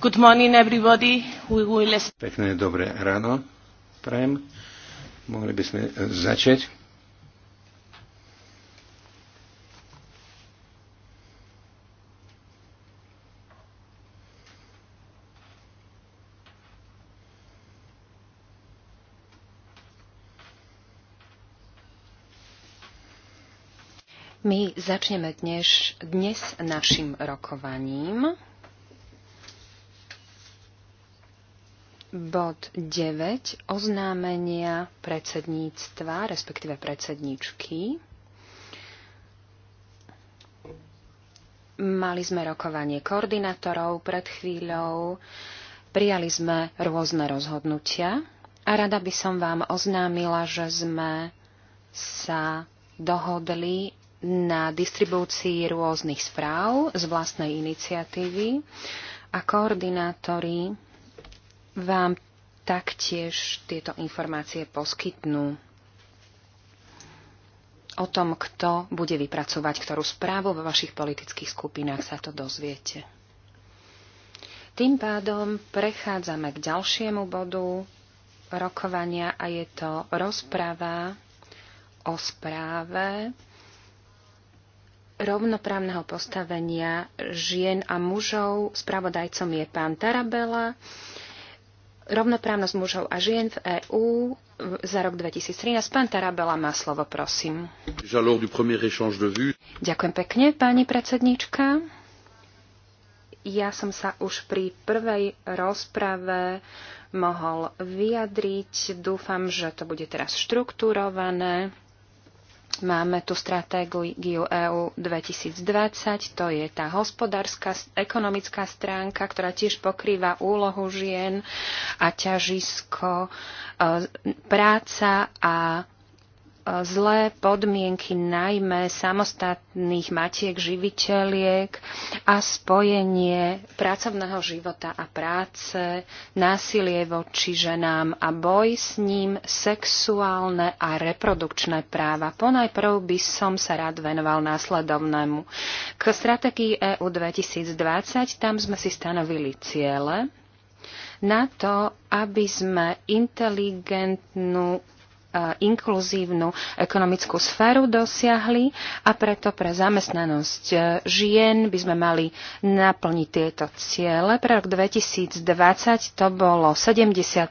Good morning everybody. We will... Pekné dobré ráno. Prajem. Mohli by sme e, začať. My začneme dnes, dnes našim rokovaním. bod 9 oznámenia predsedníctva, respektíve predsedničky. Mali sme rokovanie koordinátorov pred chvíľou, prijali sme rôzne rozhodnutia a rada by som vám oznámila, že sme sa dohodli na distribúcii rôznych správ z vlastnej iniciatívy a koordinátori vám taktiež tieto informácie poskytnú o tom, kto bude vypracovať ktorú správu vo vašich politických skupinách, sa to dozviete. Tým pádom prechádzame k ďalšiemu bodu rokovania a je to rozprava o správe rovnoprávneho postavenia žien a mužov. Spravodajcom je pán Tarabela rovnoprávnosť mužov a žien v EÚ za rok 2013. Pán Tarabela má slovo, prosím. Ďakujem pekne, pani predsedníčka. Ja som sa už pri prvej rozprave mohol vyjadriť. Dúfam, že to bude teraz štruktúrované. Máme tu stratégiu EU 2020, to je tá hospodárska, ekonomická stránka, ktorá tiež pokrýva úlohu žien a ťažisko, e, práca a zlé podmienky najmä samostatných matiek, živiteľiek a spojenie pracovného života a práce, násilie voči ženám a boj s ním, sexuálne a reprodukčné práva. Ponajprv by som sa rád venoval následovnému. K strategii EU 2020 tam sme si stanovili ciele na to, aby sme inteligentnú E, inkluzívnu ekonomickú sféru dosiahli a preto pre zamestnanosť e, žien by sme mali naplniť tieto ciele. Pre rok 2020 to bolo 75%,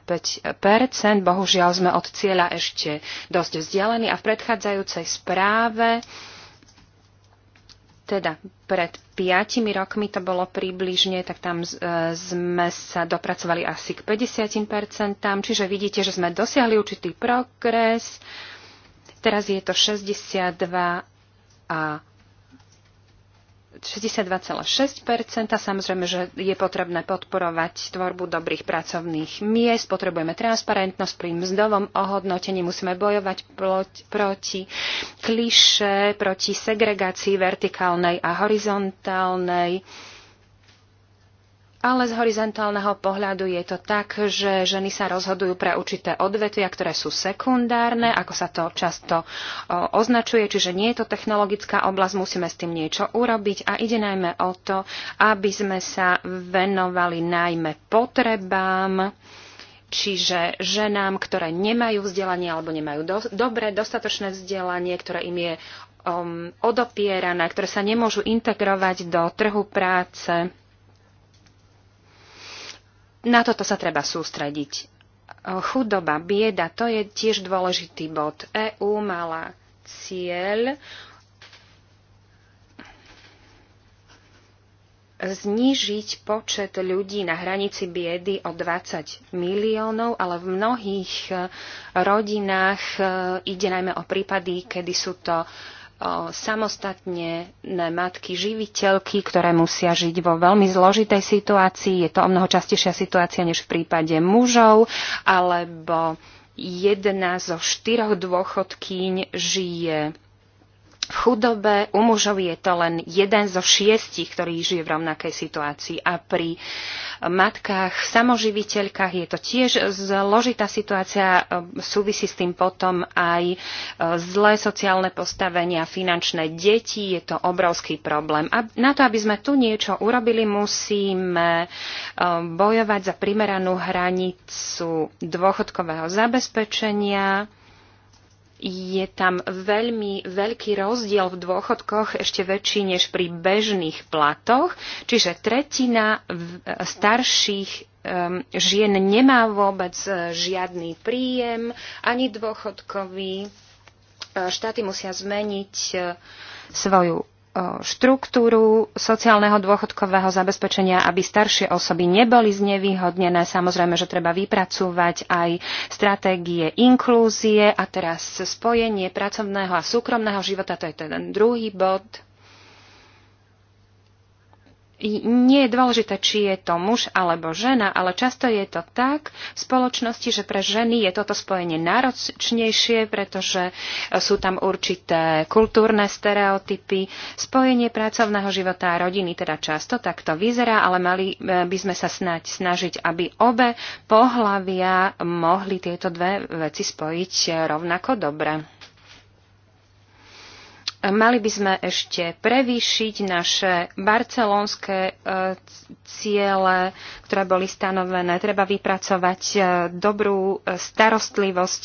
bohužiaľ sme od cieľa ešte dosť vzdialení a v predchádzajúcej správe teda pred piatimi rokmi to bolo približne, tak tam e, sme sa dopracovali asi k 50%, čiže vidíte, že sme dosiahli určitý progres. Teraz je to 62 a 62,6 Samozrejme, že je potrebné podporovať tvorbu dobrých pracovných miest, potrebujeme transparentnosť pri mzdovom ohodnotení, musíme bojovať proti kliše, proti segregácii vertikálnej a horizontálnej ale z horizontálneho pohľadu je to tak, že ženy sa rozhodujú pre určité odvetvia, ktoré sú sekundárne, ako sa to často označuje, čiže nie je to technologická oblasť, musíme s tým niečo urobiť a ide najmä o to, aby sme sa venovali najmä potrebám, čiže ženám, ktoré nemajú vzdelanie alebo nemajú do, dobre, dostatočné vzdelanie, ktoré im je um, odopierané, ktoré sa nemôžu integrovať do trhu práce na toto sa treba sústrediť. Chudoba, bieda, to je tiež dôležitý bod. EÚ mala cieľ znížiť počet ľudí na hranici biedy o 20 miliónov, ale v mnohých rodinách e, ide najmä o prípady, kedy sú to samostatne matky, živiteľky, ktoré musia žiť vo veľmi zložitej situácii. Je to o mnoho častejšia situácia než v prípade mužov, alebo jedna zo štyroch dôchodkýň žije v chudobe u mužov je to len jeden zo šiestich, ktorý žije v rovnakej situácii. A pri matkách, samoživiteľkách je to tiež zložitá situácia. E, súvisí s tým potom aj e, zlé sociálne postavenia, finančné deti. Je to obrovský problém. A na to, aby sme tu niečo urobili, musíme e, bojovať za primeranú hranicu dôchodkového zabezpečenia je tam veľmi veľký rozdiel v dôchodkoch, ešte väčší než pri bežných platoch, čiže tretina eh, starších ehm, žien nemá vôbec eh, žiadny príjem, ani dôchodkový. Eh, štáty musia zmeniť svoju štruktúru sociálneho dôchodkového zabezpečenia, aby staršie osoby neboli znevýhodnené. Samozrejme, že treba vypracovať aj stratégie inklúzie a teraz spojenie pracovného a súkromného života, to je ten druhý bod nie je dôležité, či je to muž alebo žena, ale často je to tak v spoločnosti, že pre ženy je toto spojenie náročnejšie, pretože sú tam určité kultúrne stereotypy. Spojenie pracovného života a rodiny teda často takto vyzerá, ale mali e, by sme sa snať, snažiť, aby obe pohlavia mohli tieto dve veci spojiť rovnako dobre. Mali by sme ešte prevýšiť naše barcelonské e, ciele, ktoré boli stanovené. Treba vypracovať e, dobrú e, starostlivosť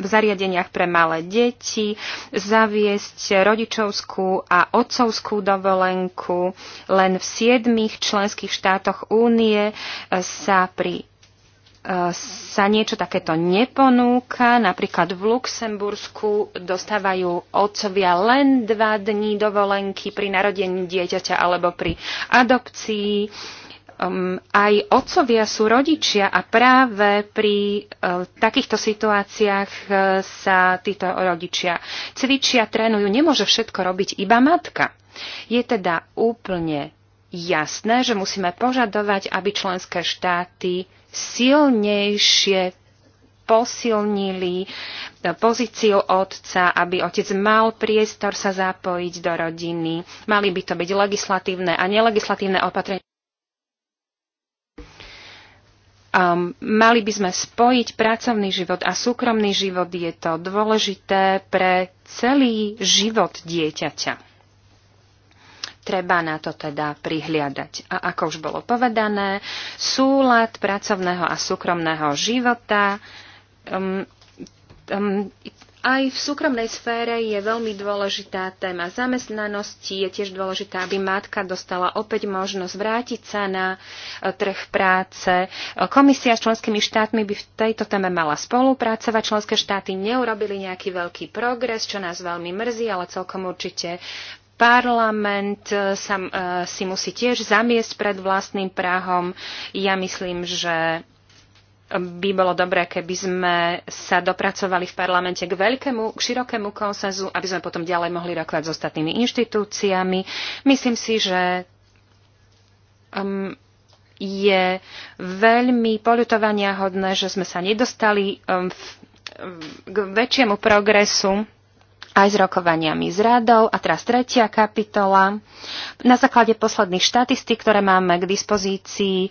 v zariadeniach pre malé deti, zaviesť rodičovskú a otcovskú dovolenku. Len v siedmých členských štátoch únie sa pri E, sa niečo takéto neponúka. Napríklad v Luxembursku dostávajú otcovia len dva dní dovolenky pri narodení dieťaťa alebo pri adopcii. Um, aj otcovia sú rodičia a práve pri uh, takýchto situáciách uh, sa títo rodičia cvičia, trénujú. Nemôže všetko robiť iba matka. Je teda úplne jasné, že musíme požadovať, aby členské štáty silnejšie posilnili pozíciu otca, aby otec mal priestor sa zapojiť do rodiny. Mali by to byť legislatívne a nelegislatívne opatrenia. Um, mali by sme spojiť pracovný život a súkromný život. Je to dôležité pre celý život dieťaťa. Treba na to teda prihliadať. A ako už bolo povedané, súlad pracovného a súkromného života. Um, um, aj v súkromnej sfére je veľmi dôležitá téma zamestnanosti. Je tiež dôležitá, aby matka dostala opäť možnosť vrátiť sa na e, trh práce. Komisia s členskými štátmi by v tejto téme mala spolupracovať. Členské štáty neurobili nejaký veľký progres, čo nás veľmi mrzí, ale celkom určite Parlament eh, sa, eh, si musí tiež zamiesť pred vlastným Prahom. Ja myslím, že by bolo dobré, keby sme sa dopracovali v parlamente k veľkému, k širokému konsenzu, aby sme potom ďalej mohli rokovať s ostatnými inštitúciami. Myslím si, že um, je veľmi poľutovania hodné, že sme sa nedostali um, v, um, k väčšiemu progresu aj s rokovaniami s radou. A teraz tretia kapitola. Na základe posledných štatistík, ktoré máme k dispozícii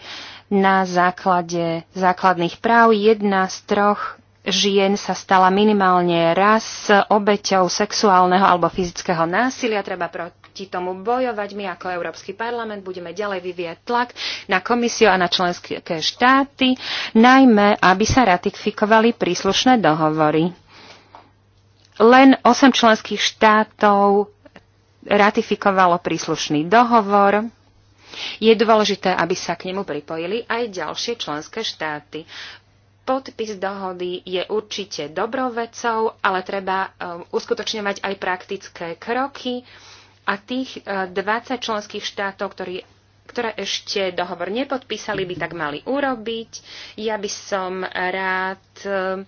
na základe základných práv, jedna z troch žien sa stala minimálne raz obeťou sexuálneho alebo fyzického násilia. Treba proti tomu bojovať. My ako Európsky parlament budeme ďalej vyvieť tlak na komisiu a na členské štáty, najmä aby sa ratifikovali príslušné dohovory len 8 členských štátov ratifikovalo príslušný dohovor. Je dôležité, aby sa k nemu pripojili aj ďalšie členské štáty. Podpis dohody je určite dobrou vecou, ale treba um, uskutočňovať aj praktické kroky a tých 20 uh, členských štátov, ktorí ktoré ešte dohovor nepodpísali, by tak mali urobiť. Ja by som rád eh,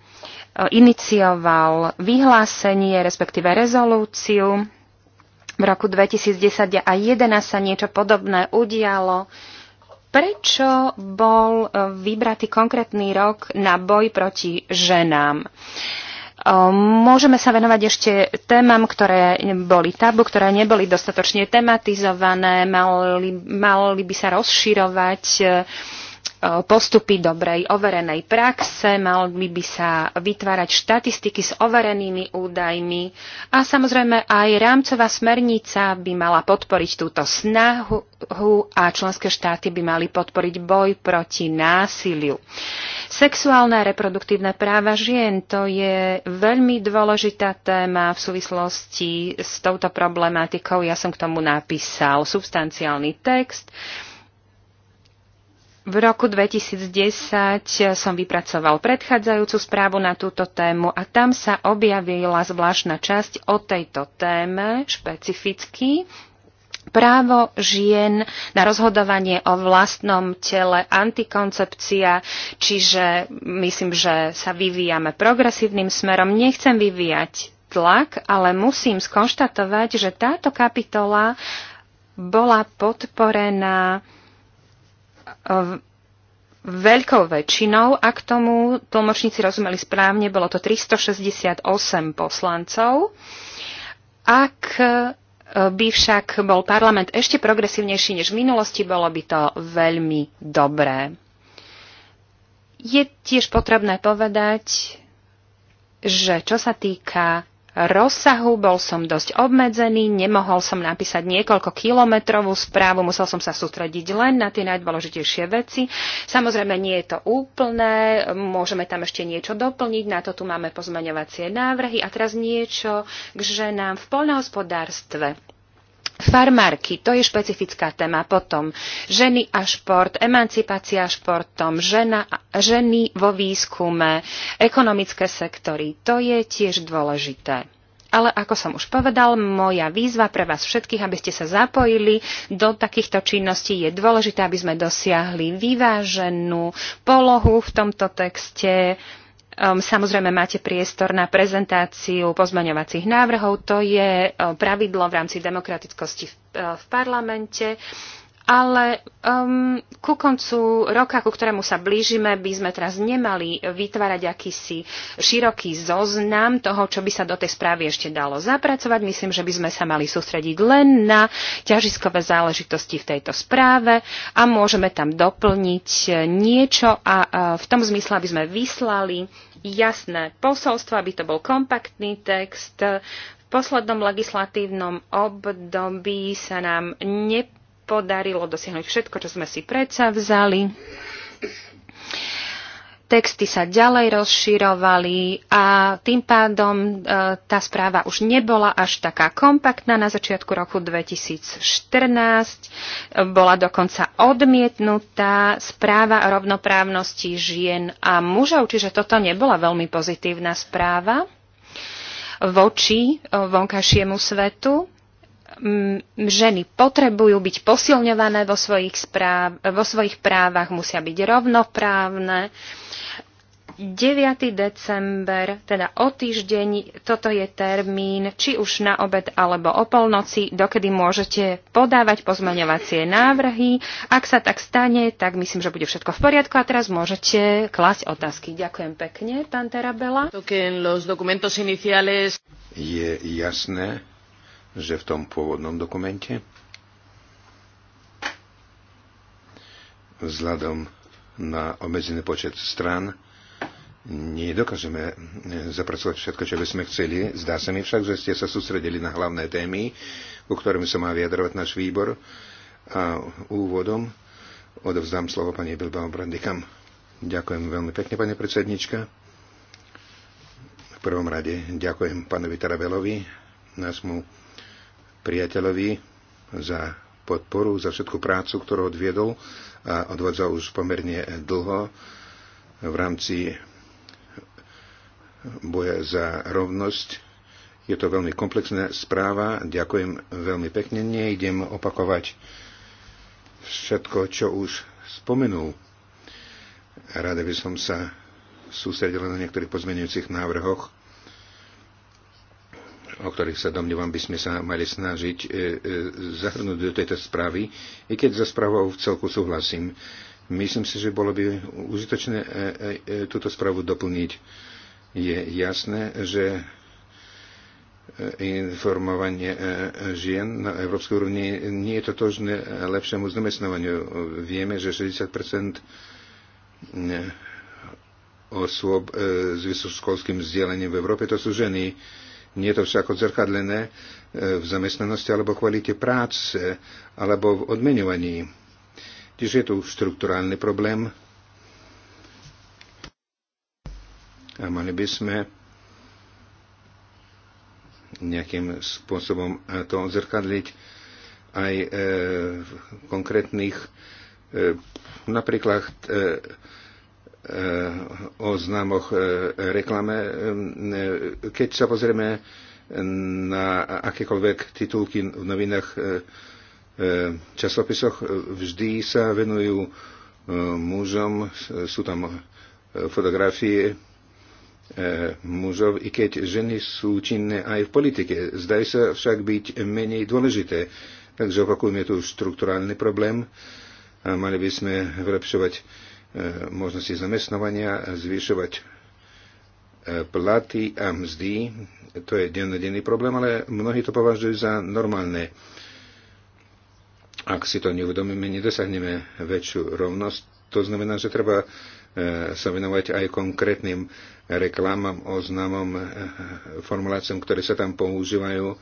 inicioval vyhlásenie, respektíve rezolúciu. V roku 2010 a 2011 sa niečo podobné udialo. Prečo bol eh, vybratý konkrétny rok na boj proti ženám? Uh, Ehm, môžeme sa venovať ešte témam, ktoré boli tabu, ktoré neboli dostatočne tematizované, mali, mali by sa rozširovať E, postupy dobrej overenej praxe, mal by, by sa vytvárať štatistiky s overenými údajmi a samozrejme aj rámcová smernica by mala podporiť túto snahu a členské štáty by mali podporiť boj proti násiliu. Sexuálne a reproduktívne práva žien to je veľmi dôležitá téma v súvislosti s touto problematikou. Ja som k tomu napísal substanciálny text v roku 2010 eh, som vypracoval predchádzajúcu správu na túto tému a tam sa objavila zvláštna časť o tejto téme špecificky. Právo žien na rozhodovanie o vlastnom tele, antikoncepcia, čiže myslím, že sa vyvíjame progresívnym smerom. Nechcem vyvíjať tlak, ale musím skonštatovať, že táto kapitola bola podporená veľkou väčšinou, ak tomu tlmočníci rozumeli správne, bolo to 368 poslancov. Ak e, by však bol parlament ešte progresívnejší než v minulosti, bolo by to veľmi dobré. Je tiež potrebné povedať, že čo sa týka rozsahu, bol som dosť obmedzený, nemohol som napísať niekoľko kilometrovú správu, musel som sa sústrediť len na tie najdôležitejšie veci. Samozrejme, nie je to úplné, môžeme tam ešte niečo doplniť, na to tu máme pozmeňovacie návrhy a teraz niečo k ženám v poľnohospodárstve farmárky, to je špecifická téma. Potom ženy a šport, emancipácia športom, žena, ženy vo výskume, ekonomické sektory, to je tiež dôležité. Ale ako som už povedal, moja výzva pre vás všetkých, aby ste sa zapojili do takýchto činností, je dôležité, aby sme dosiahli vyváženú polohu v tomto texte, Ehm, samozrejme máte priestor na prezentáciu pozmaňovacích návrhov. To je ehm, pravidlo v rámci demokratickosti v ehm, parlamente. Ale um, ku koncu roka, ku ktorému sa blížime, by sme teraz nemali vytvárať akýsi široký zoznam toho, čo by sa do tej správy ešte dalo zapracovať. Myslím, že by sme sa mali sústrediť len na ťažiskové záležitosti v tejto správe a môžeme tam doplniť niečo a v tom zmysle, aby sme vyslali jasné posolstvo, aby to bol kompaktný text. V poslednom legislatívnom období sa nám nepovedalo, podarilo dosiahnuť všetko, čo sme si predsa vzali. Texty sa ďalej rozširovali a tým pádom e, tá správa už nebola až taká kompaktná. Na začiatku roku 2014 bola dokonca odmietnutá správa o rovnoprávnosti žien a mužov, čiže toto nebola veľmi pozitívna správa voči e, vonkajšiemu svetu ženy potrebujú byť posilňované vo svojich, správ, vo svojich právach, musia byť rovnoprávne. 9. december, teda o týždeň, toto je termín, či už na obed alebo o polnoci, dokedy môžete podávať pozmeňovacie návrhy. Ak sa tak stane, tak myslím, že bude všetko v poriadku a teraz môžete klásť otázky. Ďakujem pekne, pán Terabela. Je jasné, že v tom pôvodnom dokumente vzhľadom na obmedzený počet strán nedokážeme zapracovať všetko, čo by sme chceli. Zdá sa mi však, že ste sa sústredili na hlavné témy, ku ktorým sa má vyjadrovať náš výbor. A úvodom odovzdám slovo pani Bilbao Brandikam. Ďakujem veľmi pekne, pani predsednička. V prvom rade ďakujem pánovi Tarabelovi, nášmu priateľovi za podporu, za všetku prácu, ktorú odviedol a odvádzal už pomerne dlho v rámci boja za rovnosť. Je to veľmi komplexná správa. Ďakujem veľmi pekne. Nejdem opakovať všetko, čo už spomenul. Rada by som sa sústredil na niektorých pozmenujúcich návrhoch, o ktorých sa domnívam, by sme sa mali snažiť e, e, zahrnúť do tejto správy, i keď za správou v celku súhlasím. Myslím si, že bolo by užitočné e, túto správu doplniť. Je jasné, že informovanie žien na európskej úrovni nie je totožné lepšiemu zamestnávaniu. Vieme, že 60 osôb s vysokoškolským vzdelaním v Európe to sú ženy. Nie je to však odzrkadlené e, v zamestnanosti alebo kvalite práce alebo v odmenovaní. Čiže je tu štruktúrálny problém a mali by sme nejakým spôsobom to odzrkadliť aj e, v konkrétnych e, napríklad o známoch e, reklame. E, keď sa pozrieme na akékoľvek titulky v novinách, e, časopisoch, vždy sa venujú mužom, sú tam fotografie mužov, i keď ženy sú činné aj v politike. Zdajú sa však byť menej dôležité. Takže opakujeme tu štruktúrálny problém a mali by sme vylepšovať E, možnosti zamestnovania, zvyšovať e, platy a mzdy. To je dennodenný problém, ale mnohí to považujú za normálne. Ak si to neuvedomíme, nedosahneme väčšiu rovnosť. To znamená, že treba e, sa venovať aj konkrétnym reklamám, oznamom, formuláciám, ktoré sa tam používajú.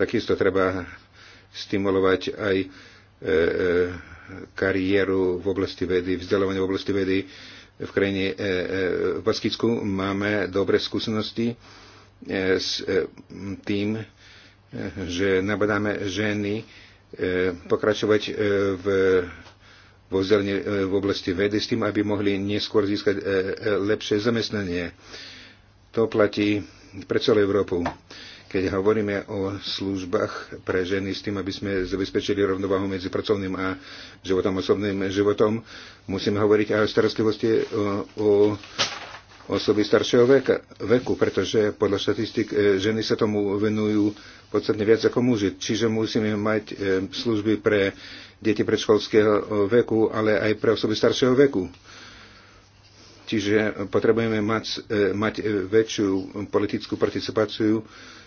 Takisto treba stimulovať aj kariéru v oblasti vedy, vzdelávanie v oblasti vedy v krajine e, e, v Baskicku. Máme dobré skúsenosti e, s tým, že nabadáme ženy pokračovať v v oblasti vedy s tým, aby mohli neskôr získať lepšie zamestnanie. To platí pre celú Európu keď hovoríme o službách pre ženy s tým, aby sme zabezpečili rovnováhu medzi pracovným a životom, osobným životom, musíme hovoriť aj o starostlivosti o, o osoby staršieho veka, veku, pretože podľa štatistik e, ženy sa tomu venujú podstatne viac ako muži. Čiže musíme mať e, služby pre deti predškolského e, veku, ale aj pre osoby staršieho veku. Čiže potrebujeme mať, mať väčšiu politickú participáciu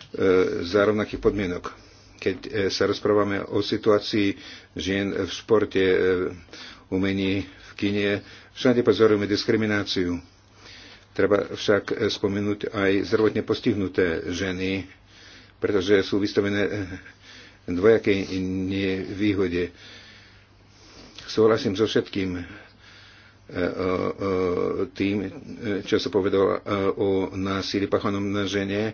E, za rovnakých podmienok. Keď e, sa rozprávame o situácii žien v športe, e, umení, v kine, všade pozorujeme diskrimináciu. Treba však spomenúť aj zdravotne postihnuté ženy, pretože sú vystavené dvojakej nevýhode. Súhlasím so všetkým tým, čo sa povedal o násilí pachanom na žene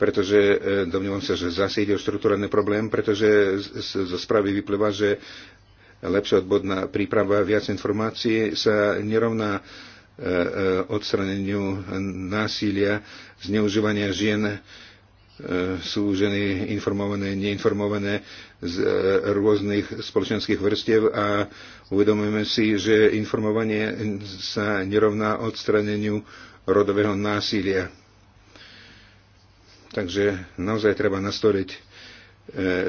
pretože e, domnívam sa, že zase ide o štruktúrálny problém, pretože zo správy vyplýva, že lepšia odbodná príprava, viac informácií sa nerovná e, e, odstraneniu násilia, zneužívania žien, sú ženy informované, neinformované z rôznych spoločenských vrstiev a uvedomujeme si, že informovanie sa nerovná odstraneniu rodového násilia. Takže naozaj treba nastoliť, e,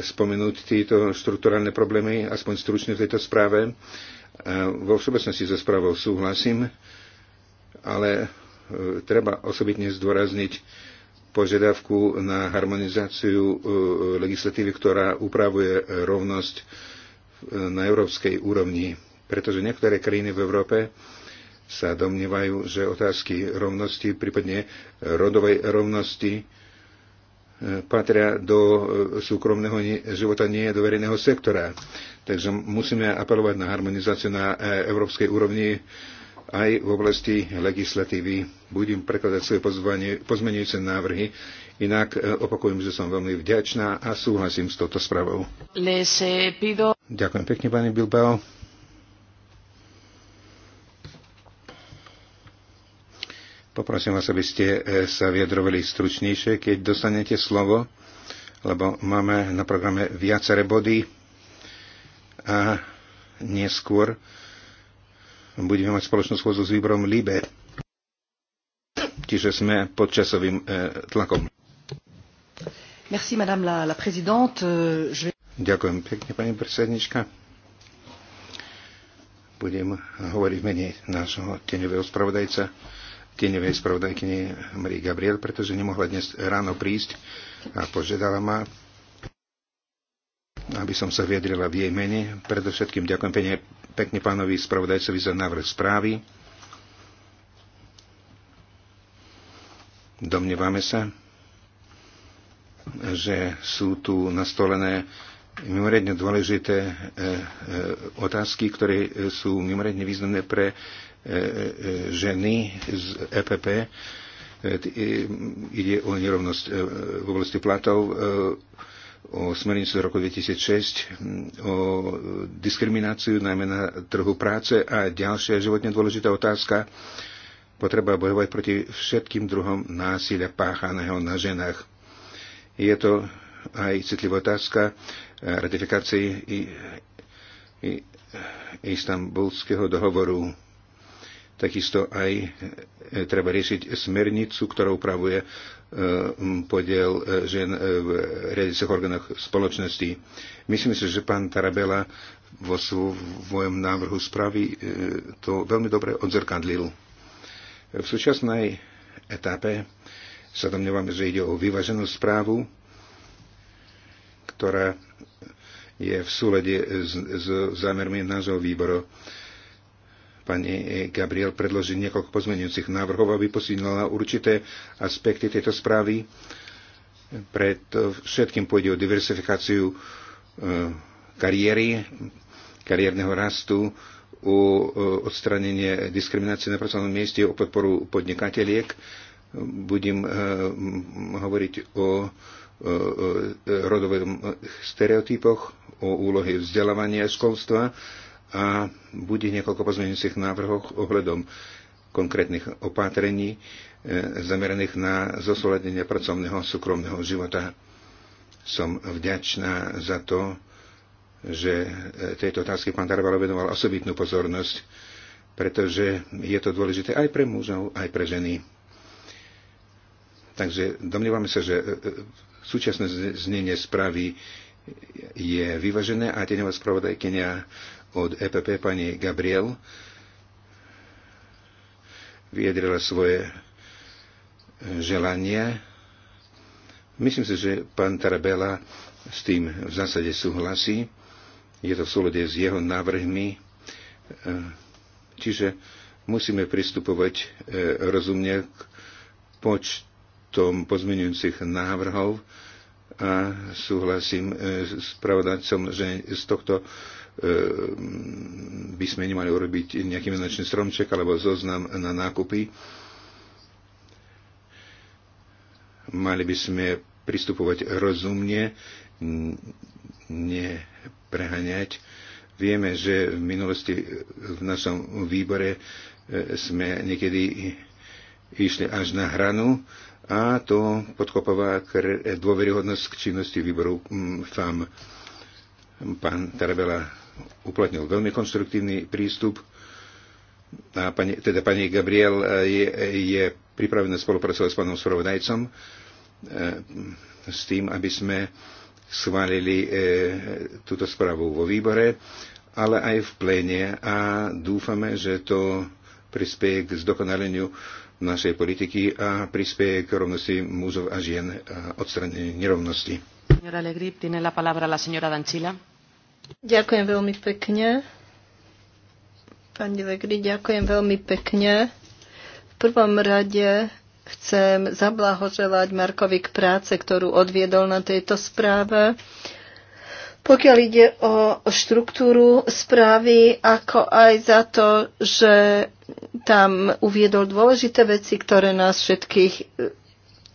spomenúť tieto štruktúrálne problémy, aspoň stručne v tejto správe. E, vo všeobecnosti so správou súhlasím, ale e, treba osobitne zdôrazniť požiadavku na harmonizáciu e, legislatívy, ktorá upravuje rovnosť e, na európskej úrovni. Pretože niektoré krajiny v Európe sa domnievajú, že otázky rovnosti, prípadne rodovej rovnosti, patria do e, súkromného života, nie do verejného sektora. Takže musíme apelovať na harmonizáciu na e, európskej úrovni aj v oblasti legislatívy. Budem prekladať svoje pozmenujúce návrhy. Inak e, opakujem, že som veľmi vďačná a súhlasím s touto spravou. Ďakujem pekne, pani Bilbao. Poprosím vás, aby ste e, sa vyjadrovali stručnejšie, keď dostanete slovo, lebo máme na programe viacere body a neskôr budeme mať spoločnú schôdzu s výborom LIBE. Čiže sme pod časovým e, tlakom. Merci, madame la, la présidente. Euh, je... Ďakujem pekne, pani predsednička. Budem hovoriť v mene nášho teňového spravodajca tieňovej spravodajkyni Marie Gabriel, pretože nemohla dnes ráno prísť a požiadala ma, aby som sa vyjadrila v jej mene. Predovšetkým ďakujem pekne, pekne pánovi spravodajcovi za návrh správy. Domnievame sa, že sú tu nastolené mimoriadne dôležité e, e, otázky, ktoré sú mimoriadne významné pre E, e, ženy z EPP. E, ide o nerovnosť v oblasti platov, o smernicu z roku 2006, mm, o diskrimináciu najmä na trhu práce a ďalšia životne dôležitá otázka, potreba bojovať proti všetkým druhom násilia páchaného na ženách. Je to aj citlivá otázka ratifikácie istambulského dohovoru Takisto aj e, treba riešiť smernicu, ktorá upravuje e, podiel e, žien v riadiacich orgánoch spoločnosti. Myslím si, že pán Tarabela vo svojom návrhu správy to veľmi dobre odzrkadlil. V súčasnej etape sa domnievame, že ide o vyváženú správu, ktorá je v súlede s, s zámermi nášho výboru. Pani e, Gabriel predloží niekoľko pozmenujúcich návrhov, aby posilnila určité aspekty tejto správy. Pred všetkým pôjde o diversifikáciu e, kariéry, kariérneho rastu, o e, odstranenie diskriminácie na pracovnom mieste, o podporu podnikateliek. Budem hovoriť o rodových stereotypoch, o úlohe vzdelávania a školstva a bude niekoľko pozmeňujúcich návrhov ohľadom konkrétnych opatrení e, zameraných na zosledenie pracovného a súkromného života. Som vďačná za to, že e, tejto otázky pán Darvalo venoval osobitnú pozornosť, pretože je to dôležité aj pre mužov, aj pre ženy. Takže domnievame sa, že e, súčasné znenie správy je vyvažené a teňová spravodajkenia od EPP pani Gabriel vyjadrila svoje e, želanie. Myslím si, že pán Tarabela s tým v zásade súhlasí. Je to v súlade s jeho návrhmi. E, čiže musíme pristupovať e, rozumne k počtom pozmenujúcich návrhov a súhlasím s pravodajcom, že z tohto Ehm, by sme nemali urobiť nejaký značný stromček alebo zoznam na nákupy. Mali by sme pristupovať rozumne, nepreháňať. Vieme, že v minulosti v našom výbore e, sme niekedy išli až na hranu a to podkopová dôveryhodnosť k činnosti výboru FAM. Pán Tarabela uplatnil veľmi konstruktívny prístup. A pani, teda pani Gabriel e, je, je pripravená spolupracovať s pánom spravodajcom e, s tým, aby sme schválili e, túto správu vo výbore, ale aj v pléne a dúfame, že to prispieje k zdokonaleniu našej politiky a prispieje k rovnosti mužov a žien a odstraneniu nerovnosti. Señora tiene la palabra la señora Ďakujem veľmi pekne. Pán Dilegri, ďakujem veľmi pekne. V prvom rade chcem zablahoželať Markovi k práce, ktorú odviedol na tejto správe. Pokiaľ ide o štruktúru správy, ako aj za to, že tam uviedol dôležité veci, ktoré nás všetkých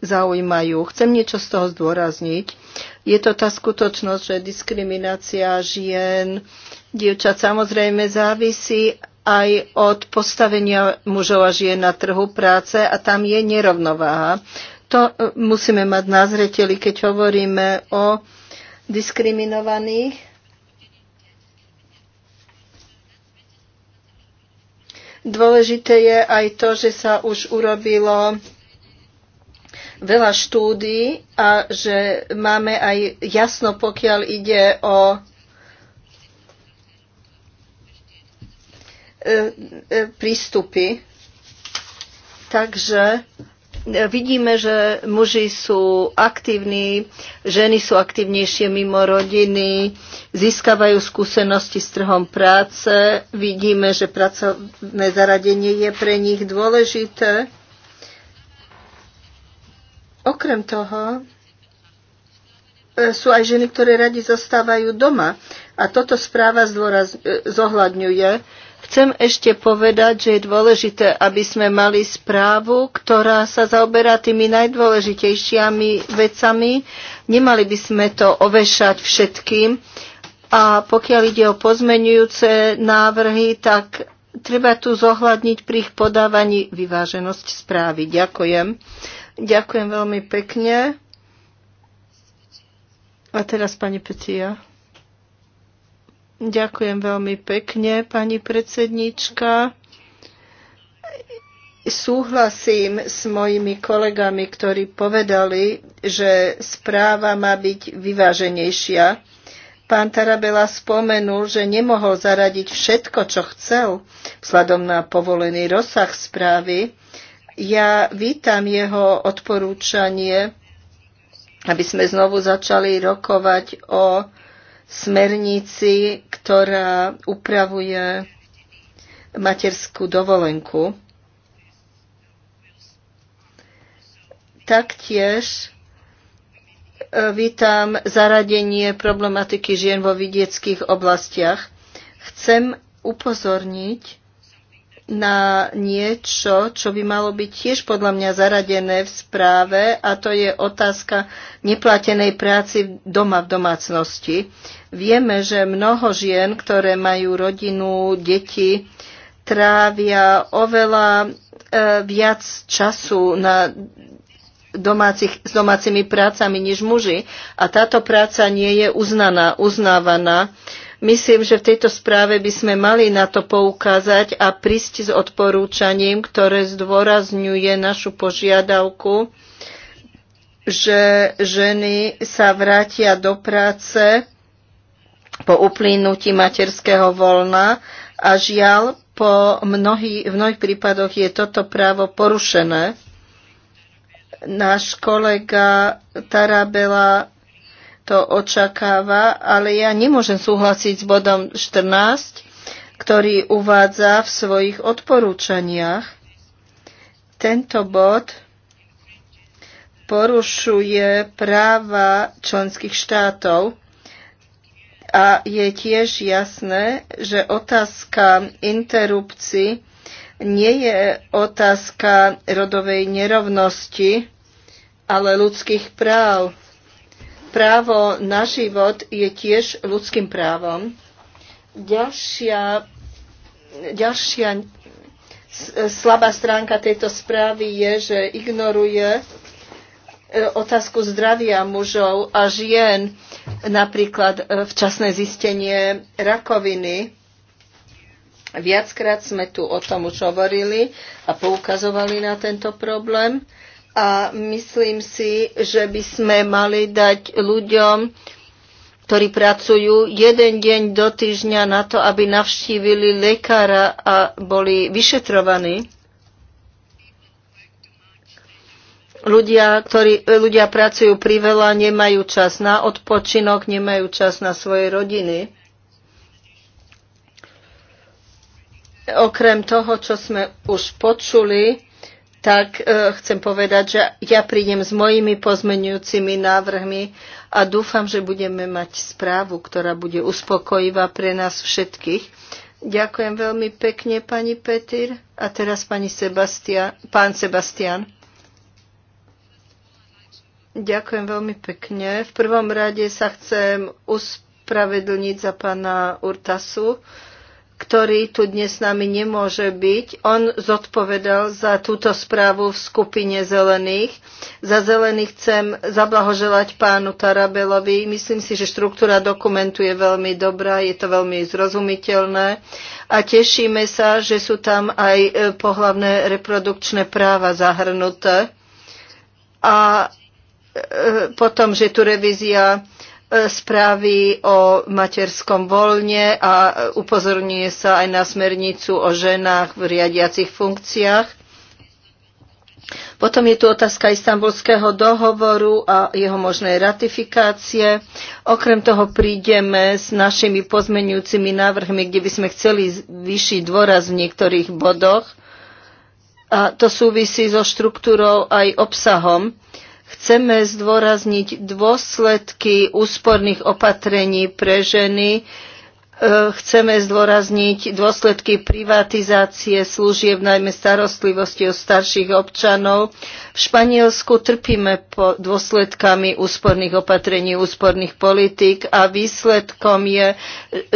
zaujímajú. Chcem niečo z toho zdôrazniť. Je to tá skutočnosť, že diskriminácia žien, dievčat samozrejme závisí aj od postavenia mužov a žien na trhu práce a tam je nerovnováha. To e, musíme mať na zreteli, keď hovoríme o diskriminovaných. Dôležité je aj to, že sa už urobilo veľa štúdí a že máme aj jasno, pokiaľ ide o e, e, prístupy. Takže e, vidíme, že muži sú aktívni, ženy sú aktívnejšie mimo rodiny, získavajú skúsenosti s trhom práce, vidíme, že pracovné zaradenie je pre nich dôležité. Okrem toho e, sú aj ženy, ktoré radi zostávajú doma. A toto správa zdôraz, e, zohľadňuje. Chcem ešte povedať, že je dôležité, aby sme mali správu, ktorá sa zaoberá tými najdôležitejšiami vecami. Nemali by sme to ovešať všetkým. A pokiaľ ide o pozmenujúce návrhy, tak treba tu zohľadniť pri ich podávaní vyváženosť správy. Ďakujem. Ďakujem veľmi pekne. A teraz pani Petia. Ďakujem veľmi pekne, pani predsednička. Súhlasím s mojimi kolegami, ktorí povedali, že správa má byť vyváženejšia. Pán Tarabela spomenul, že nemohol zaradiť všetko, čo chcel, vzhľadom na povolený rozsah správy ja vítam jeho odporúčanie, aby sme znovu začali rokovať o smernici, ktorá upravuje materskú dovolenku. Taktiež e, vítam zaradenie problematiky žien vo vidieckých oblastiach. Chcem upozorniť, na niečo, čo by malo byť tiež podľa mňa zaradené v správe a to je otázka neplatenej práci doma v domácnosti. Vieme, že mnoho žien, ktoré majú rodinu, deti, trávia oveľa e, viac času na domácich, s domácimi prácami než muži a táto práca nie je uznaná, uznávaná. E, Myslím, že v tejto správe by sme mali na to poukázať a prísť s odporúčaním, ktoré zdôrazňuje našu požiadavku, že ženy sa vrátia do práce po uplynutí materského voľna a žiaľ, po mnohý, v mnohých prípadoch je toto právo porušené. Náš kolega Tarabela to očakáva, ale ja nemôžem súhlasiť s bodom 14, ktorý uvádza v svojich odporúčaniach. Tento bod porušuje práva členských štátov a je tiež jasné, že otázka interrupcií nie je otázka rodovej nerovnosti, ale ľudských práv právo na život je tiež ľudským právom. Ďalšia, ďalšia slabá stránka tejto správy je, že ignoruje e, otázku zdravia mužov a žien, napríklad e, včasné zistenie rakoviny. Viackrát sme tu o tom už hovorili a poukazovali na tento problém a myslím si, že by sme mali dať ľuďom, ktorí pracujú jeden deň do týždňa na to, aby navštívili lekára a boli vyšetrovaní. Ľudia, ktorí, ľudia pracujú priveľa, nemajú čas na odpočinok, nemajú čas na svoje rodiny. Okrem toho, čo sme už počuli, tak e, chcem povedať, že ja prídem s mojimi pozmenujúcimi návrhmi a dúfam, že budeme mať správu, ktorá bude uspokojivá pre nás všetkých. Ďakujem veľmi pekne, pani Petir. A teraz pani Sebastian, pán Sebastian. Ďakujem veľmi pekne. V prvom rade sa chcem uspravedlniť za pána Urtasu ktorý tu dnes s nami nemôže byť. On zodpovedal za túto správu v skupine zelených. Za zelených chcem zablahoželať pánu Tarabelovi. Myslím si, že štruktúra dokumentu je veľmi dobrá, je to veľmi zrozumiteľné a tešíme sa, že sú tam aj e, pohlavné reprodukčné práva zahrnuté. A e, potom, že tu revízia E, správy o materskom voľne a upozorňuje sa aj na smernicu o ženách v riadiacich funkciách. Potom je tu otázka istambulského dohovoru a jeho možnej ratifikácie. Okrem toho prídeme s našimi pozmenujúcimi návrhmi, kde by sme chceli vyšší dôraz v niektorých bodoch. A to súvisí so štruktúrou aj obsahom. Uh, Chceme zdôrazniť dôsledky úsporných opatrení pre ženy, e, chceme zdôrazniť dôsledky privatizácie služieb, najmä starostlivosti o starších občanov. V Španielsku trpíme po dôsledkami úsporných opatrení, úsporných politík a výsledkom je e,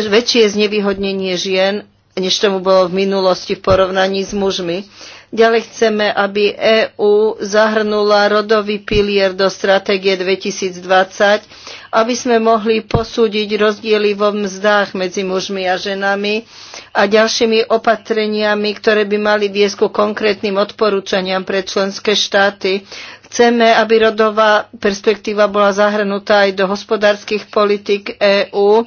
väčšie znevýhodnenie žien, než tomu bolo v minulosti v porovnaní s mužmi. Ďalej chceme, aby EÚ zahrnula rodový pilier do stratégie 2020, aby sme mohli posúdiť rozdiely vo mzdách medzi mužmi a ženami a ďalšími opatreniami, ktoré by mali viesť ku konkrétnym odporúčaniam pre členské štáty. Chceme, aby rodová perspektíva bola zahrnutá aj do hospodárskych politik EÚ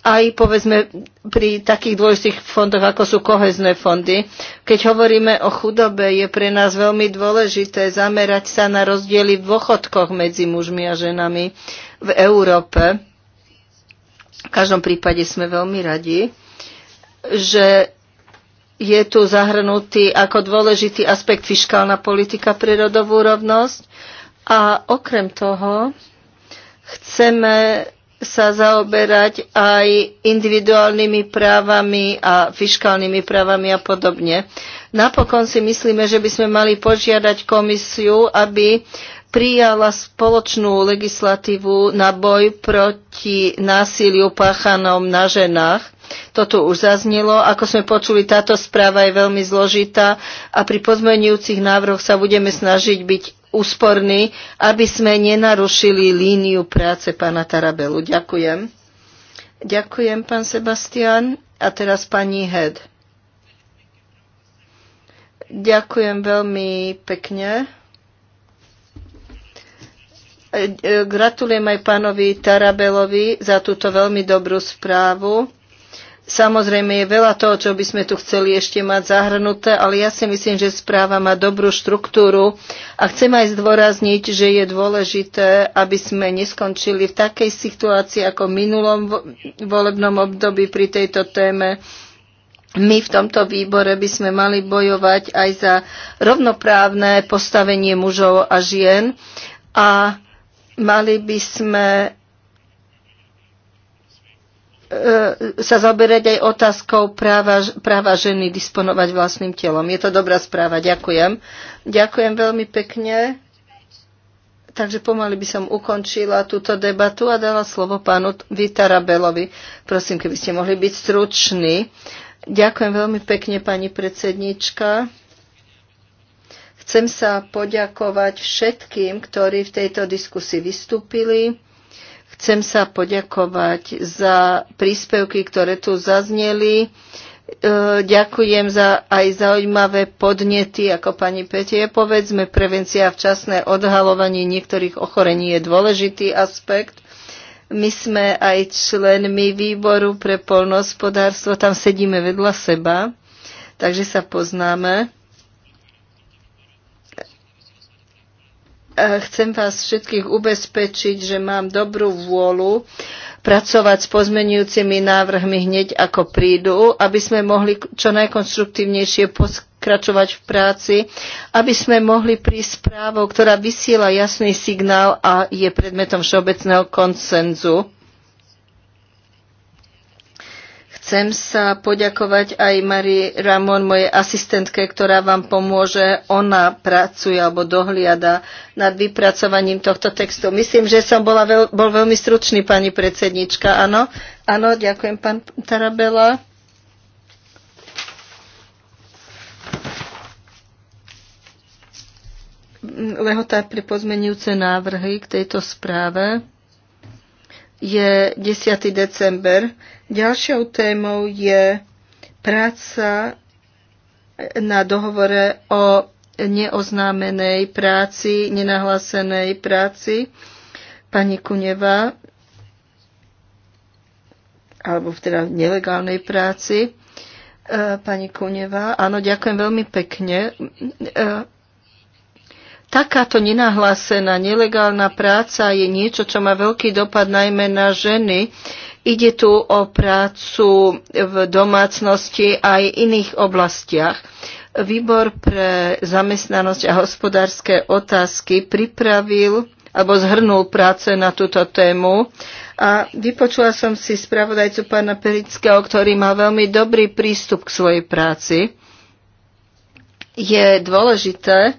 aj povedzme pri takých dôležitých fondoch, ako sú kohezné fondy. Keď hovoríme o chudobe, je pre nás veľmi dôležité zamerať sa na rozdiely v dôchodkoch medzi mužmi a ženami v Európe. V každom prípade sme veľmi radi, že je tu zahrnutý ako dôležitý aspekt fiskálna politika pre rodovú rovnosť. A okrem toho chceme sa zaoberať aj individuálnymi právami a fiškálnymi právami a podobne. Napokon si myslíme, že by sme mali požiadať komisiu, aby prijala spoločnú legislatívu na boj proti násiliu páchanom na ženách to tu už zaznelo. Ako sme počuli, táto správa je veľmi zložitá a pri pozmenujúcich návrhoch sa budeme snažiť byť úsporní, aby sme nenarušili líniu práce pána Tarabelu. Ďakujem. Ďakujem, pán Sebastian. A teraz pani Head. Ďakujem veľmi pekne. E, e, gratulujem aj pánovi Tarabelovi za túto veľmi dobrú správu. Samozrejme je veľa toho, čo by sme tu chceli ešte mať zahrnuté, ale ja si myslím, že správa má dobrú štruktúru a chcem aj zdôrazniť, že je dôležité, aby sme neskončili v takej situácii ako v minulom volebnom období pri tejto téme. My v tomto výbore by sme mali bojovať aj za rovnoprávne postavenie mužov a žien a mali by sme E, sa zaberať aj otázkou práva, práva ženy disponovať vlastným telom. Je to dobrá správa, ďakujem. Ďakujem veľmi pekne. Takže pomaly by som ukončila túto debatu a dala slovo pánu Vitara Belovi. Prosím, keby ste mohli byť struční. Ďakujem veľmi pekne, pani predsednička. Chcem sa poďakovať všetkým, ktorí v tejto diskusii vystúpili Chcem sa poďakovať za príspevky, ktoré tu zazneli. E, ďakujem za aj zaujímavé podnety, ako pani Petie. Povedzme, prevencia a včasné odhalovanie niektorých ochorení je dôležitý aspekt. My sme aj členmi výboru pre polnohospodárstvo, tam sedíme vedľa seba, takže sa poznáme. chcem vás všetkých ubezpečiť, že mám dobrú vôľu pracovať s pozmenujúcimi návrhmi hneď ako prídu, aby sme mohli čo najkonstruktívnejšie pokračovať v práci, aby sme mohli prísť správou, ktorá vysiela jasný signál a je predmetom všeobecného konsenzu. Chcem sa poďakovať aj Marie Ramon, mojej asistentke, ktorá vám pomôže. Ona pracuje alebo dohliada nad vypracovaním tohto textu. Myslím, že som bola veľ, bol veľmi stručný, pani predsednička. Áno, áno, ďakujem, pán Tarabela. Lehota pri pozmenujúce návrhy k tejto správe je 10. december. Ďalšou témou je práca na dohovore o neoznámenej práci, nenahlásenej práci pani Kuneva alebo teda v nelegálnej práci. E, pani Kuneva, áno, ďakujem veľmi pekne. E, Takáto nenahlásená nelegálna práca je niečo, čo má veľký dopad najmä na ženy. Ide tu o prácu v domácnosti aj iných oblastiach. Výbor pre zamestnanosť a hospodárske otázky pripravil alebo zhrnul práce na túto tému. A vypočula som si spravodajcu pána Perického, ktorý má veľmi dobrý prístup k svojej práci. Je dôležité,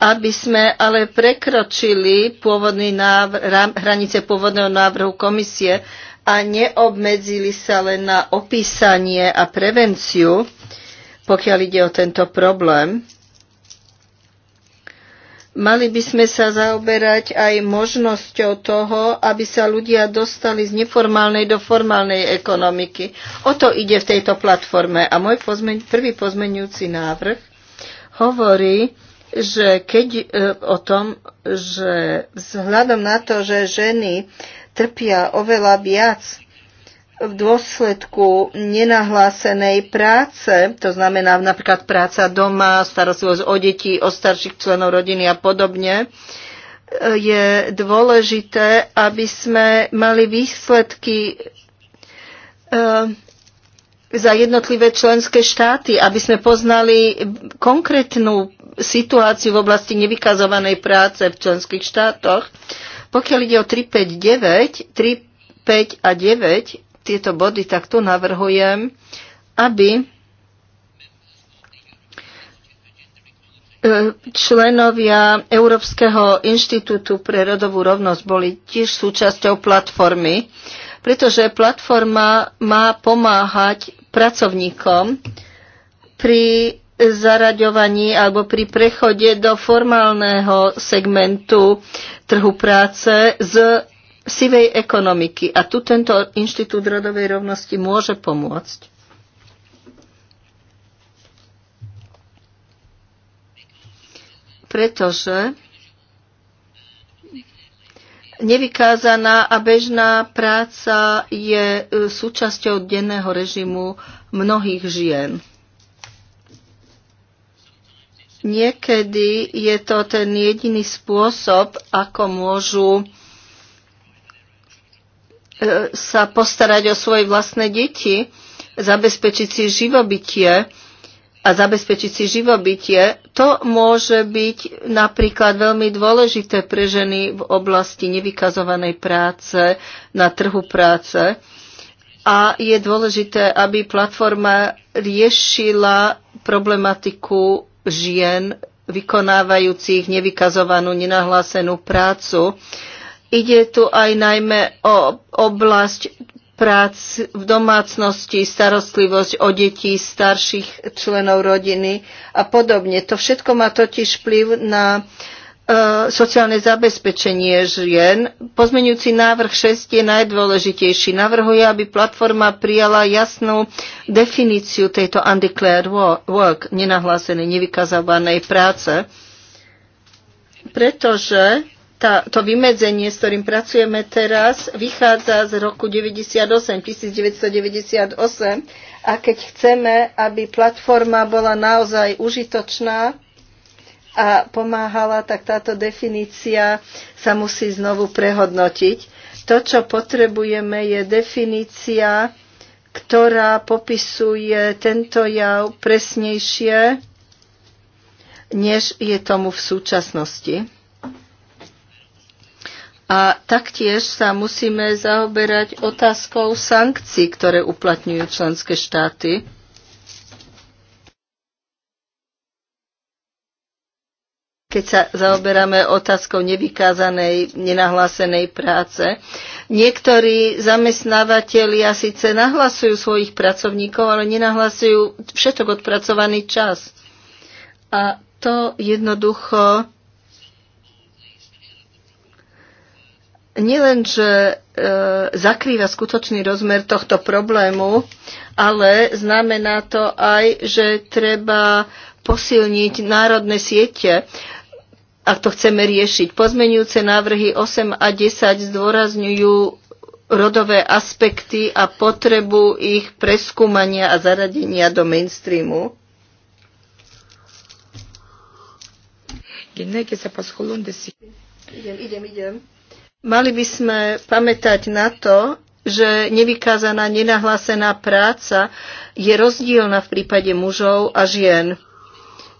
aby sme ale prekročili pôvodný návr, hranice pôvodného návrhu komisie a neobmedzili sa len na opísanie a prevenciu, pokiaľ ide o tento problém. Mali by sme sa zaoberať aj možnosťou toho, aby sa ľudia dostali z neformálnej do formálnej ekonomiky. O to ide v tejto platforme. A môj pozmeň, prvý pozmenujúci návrh hovorí, že keď e, o tom, že vzhľadom na to, že ženy trpia oveľa viac v dôsledku nenahlásenej práce, to znamená napríklad práca doma, starostlivosť o deti, o starších členov rodiny a podobne, e, je dôležité, aby sme mali výsledky e, za jednotlivé členské štáty, aby sme poznali konkrétnu situáciu v oblasti nevykazovanej práce v členských štátoch. Pokiaľ ide o 9, 3, 5 a 9, tieto body, tak tu navrhujem, aby e, členovia Európskeho inštitútu pre rodovú rovnosť boli tiež súčasťou platformy, pretože platforma má pomáhať pracovníkom pri zaraďovaní alebo pri prechode do formálneho segmentu trhu práce z sivej ekonomiky. A tu tento inštitút rodovej rovnosti môže pomôcť. Pretože nevykázaná a bežná práca je e, súčasťou denného režimu mnohých žien. Niekedy je to ten jediný spôsob, ako môžu e, sa postarať o svoje vlastné deti, zabezpečiť si živobytie a zabezpečiť si živobytie. To môže byť napríklad veľmi dôležité pre ženy v oblasti nevykazovanej práce na trhu práce. A je dôležité, aby platforma riešila problematiku žien vykonávajúcich nevykazovanú nenahlásenú prácu. Ide tu aj najmä o oblasť prác v domácnosti, starostlivosť o detí, starších členov rodiny a podobne. To všetko má totiž vplyv na uh, E, sociálne zabezpečenie žien. Pozmenujúci návrh 6 je najdôležitejší. Navrhuje, aby platforma prijala jasnú definíciu tejto undeclared work, nenahlásenej, nevykazávanej práce, pretože tá, to vymedzenie, s ktorým pracujeme teraz, vychádza z roku 98, 1998 a keď chceme, aby platforma bola naozaj užitočná, a pomáhala, tak táto definícia sa musí znovu prehodnotiť. To, čo potrebujeme, je definícia, ktorá popisuje tento jav presnejšie, než je tomu v súčasnosti. A taktiež sa musíme zaoberať otázkou sankcií, ktoré uplatňujú členské štáty keď sa zaoberáme otázkou nevykázanej, nenahlásenej práce. Niektorí zamestnávateľia síce nahlasujú svojich pracovníkov, ale nenahlasujú všetok odpracovaný čas. A to jednoducho nielen, že e, zakrýva skutočný rozmer tohto problému, ale znamená to aj, že treba posilniť národné siete ak to chceme riešiť. Pozmenujúce návrhy 8 a 10 zdôrazňujú rodové aspekty a potrebu ich preskúmania a zaradenia do mainstreamu. Idem, idem, idem. Mali by sme pamätať na to, že nevykázaná, nenahlásená práca je rozdielna v prípade mužov a žien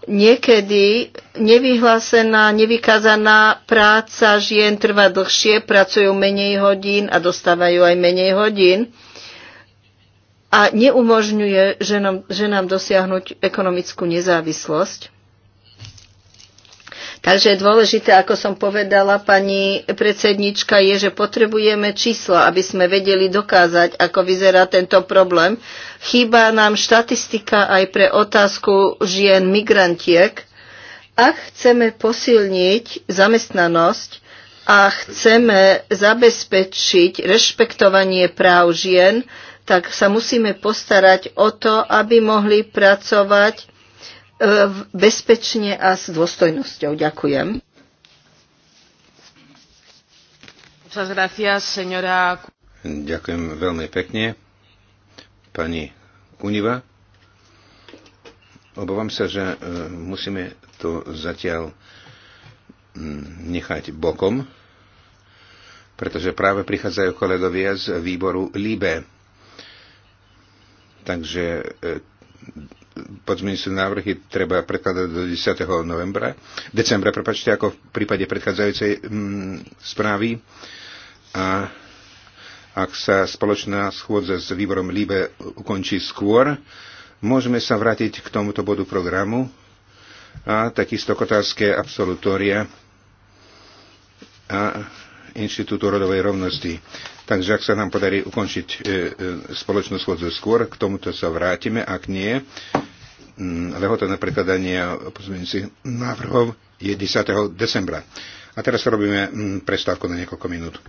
Niekedy nevyhlásená, nevykázaná práca žien trvá dlhšie, pracujú menej hodín a dostávajú aj menej hodín a neumožňuje ženom, ženám dosiahnuť ekonomickú nezávislosť. Takže dôležité, ako som povedala pani predsednička, je, že potrebujeme číslo, aby sme vedeli dokázať, ako vyzerá tento problém. Chýba nám štatistika aj pre otázku žien migrantiek. Ak chceme posilniť zamestnanosť a chceme zabezpečiť rešpektovanie práv žien, tak sa musíme postarať o to, aby mohli pracovať E, bezpečne a s dôstojnosťou. Ďakujem. Ďakujem veľmi pekne. Pani Kuniva, obávam sa, že e, musíme to zatiaľ mm, nechať bokom, pretože práve prichádzajú kolegovia z výboru LIBE. Takže e, pozmeňujúce návrhy treba predkladať do 10. novembra, decembra, prepačte, ako v prípade predchádzajúcej mm, správy. A ak sa spoločná schôdza s výborom Líbe ukončí skôr, môžeme sa vrátiť k tomuto bodu programu a takisto k otázke absolutória a Inštitútu rodovej rovnosti. Takže ak sa nám podarí ukončiť e, e, spoločnú schôdzu skôr, k tomuto sa vrátime. Ak nie, Mm, lehota na prekladanie pozmeňujúcich návrhov je 10. decembra. A teraz robíme mm, prestávku na niekoľko minút.